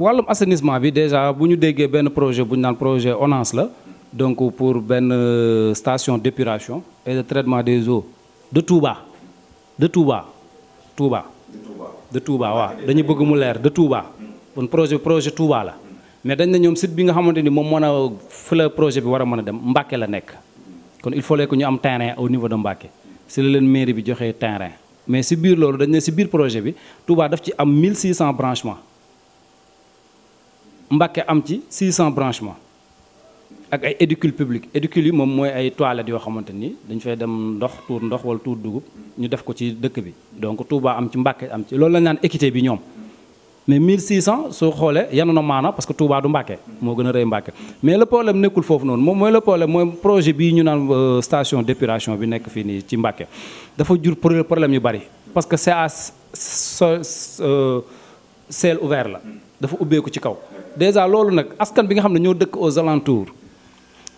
wàllum assainissement bi déjà bu ñu déggee benn projet bu ñu naan projet ONAS la donc pour benn euh, station d'épuration et de traitement des eaux de Touba de Touba Touba. de Touba waaw dañu bëgg mu leer de Touba. kon projet projet Touba la. mais dañ ne ñoom site bi nga xamante ni moom mën a fu la projet bi war a mën a dem Mbàkke la nekk. kon il fallait que ñu am terrain au niveau de Mbàkke si la leen mairie bi joxee terrain mais si biir loolu dañ ne si biir projet bi Touba daf ci am 1600 branchements. Mbacké am ci cent branchement ak ay édicules publics édicules yi moom mooy ay toilettes yoo xamante ni dañ fay dem ndox tuur ndox wala tuur dugub ñu def ko ci dëkk bi donc Touba am ci Mbacké am ci loolu la ñu naan équité bi ñoom mais 1600 soo xoolee yanu na maana parce que Touba du Mbacké moo gën a rëy Mbacké mais le problème nekkul foofu noonu moom mooy le problème mooy projet bii ñu naan euh, station d'épuration bi nekk fii nii ci Mbacké dafa jur problème yu bari parce que c'est à ciel euh, ouvert la dafa ubbeeku ci kaw déjà loolu nag askan bi nga xam ne ñoo dëkk aux alentours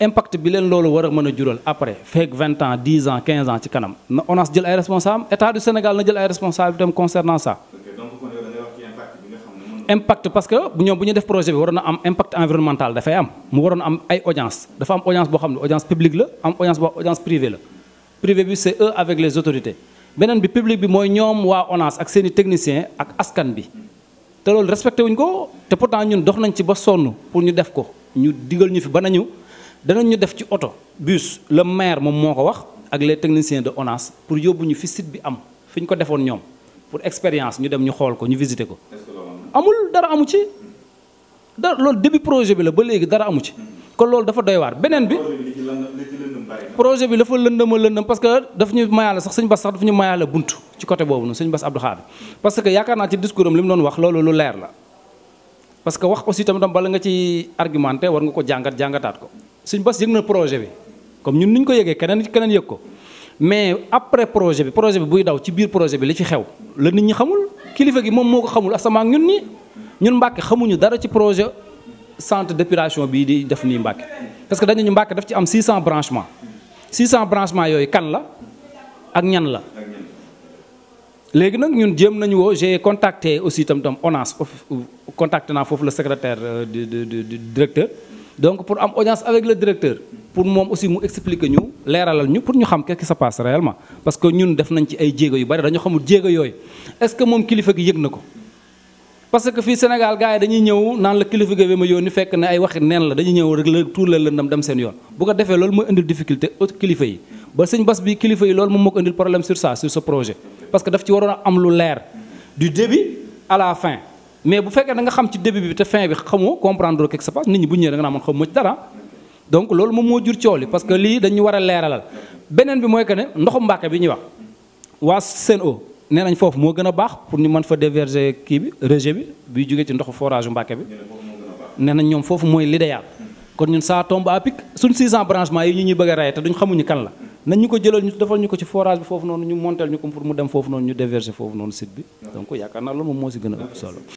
impact bi leen loolu war a mën a jural après feek vingt ans dix ans quinze ans ci kanam na ONAS jël ay responsable état du Sénégal na jël ay responsabilités concernant ça. impact parce que ñoom bu ñu def projet bi waroon na am impact environnemental dafay am mu waroon am ay audience dafa am audience boo xam ne audience publique la am audience boo audience privée la privé bi c'est eux avec les autorités beneen bi public bi mooy ñoom waa ONAS ak seeni techniciens ak askan bi. te loolu respecté wuñ ko te pourtant ñun dox nañ ci ba sonn pour ñu def ko ñu digal ñu fi ba nañu danañ ñu def ci oto bus le maire moom moo ko wax ak les techniciens de ONAS pour yóbbu ñu fi sit bi am fi ñu ko defoon ñoom pour expérience ñu dem ñu xool ko ñu visité ko. amul dara amu ci da loolu début projet bi la ba léegi dara amu ci. kon loolu dafa doy waar beneen bi. projet bi dafa lëndëm a lëndëm parce que daf ñu mayaale sax suñu bas sa dafa ñu mayaale bunt. ci côté boobu noonu sëñ Bass Abdou Khadre parce que yaakaar naa ci discours am li mu doon wax loolu lu leer la parce que wax aussi tamit bala nga ci argumenté war nga ko jàngat jàngataat ko sëñ Bass yëg na projet bi comme ñun ni ñu ko yëgee keneen keneen yëg ko mais après projet bi projet bi buy daw ci biir projet bi li ci xew la nit ñi xamul kilifa gi moom moo ko xamul asamaa ak ñun ñi ñun Mbàkke xamuñu dara ci projet centre d'épuration bii di def nii Mbàkke parce que dañu ñu daf ci am 600 branchement 600 branchement yooyu kan la ak ñan la léegi nag ñun jëm nañu woo j'ai contacté aussi tam tam ONAS contacté naa foofu la secrétaire euh, du du directeur donc pour am audience avec le directeur pour moom aussi mu expliquer ñu leeralal ñu pour ñu xam quest sa qui se passe parce que ñun def nañ ci ay jéego yu bari dañu xamul jéego yooyu est-ce que moom kilifa gi yëg na ko parce que fii Sénégal gars yi dañuy ñëw naan la kilifa gi ma yónni fekk ne ay waxi neen la dañu ñëw rek la tuur la lëndam dem seen yoon bu ko defee loolu mooy indi difficulté autre kilifa yi ba sëñ bas bi kilifa yi loolu moom moo ko indil problème sur ça sur ce projet parce que daf ci waroon a am lu leer du début à la fin mais bu fekkee da nga xam ci début bi te fin bi xamoo comprendre quelque chose nit ñi bu ñëwee da nga naa mën xamu ci dara donc loolu moom moo jur coow li parce que lii dañu war a leeralal beneen bi mooy que ne ndoxu Mbàkke bi ñu wax waa Sen'Eau nee nañ foofu moo gën a baax pour ñu mën fa déverger kii bi rejet bi biy jógee ci ndoxu forage Mbàkke bi nee nañ ñoom mooy l'idéal kon ñun ça tombe à pic yi ñu ñuy bëgg a rey xamuñu kan la nañ ko jëlal ñu defal ñu ko ci forage bi foofu noonu ñu montel ñu ko pour mu dem foofu noonu ñu déverser foofu noonu site bi donc yaakaar naa loolu moom moo si gën a ëpp solo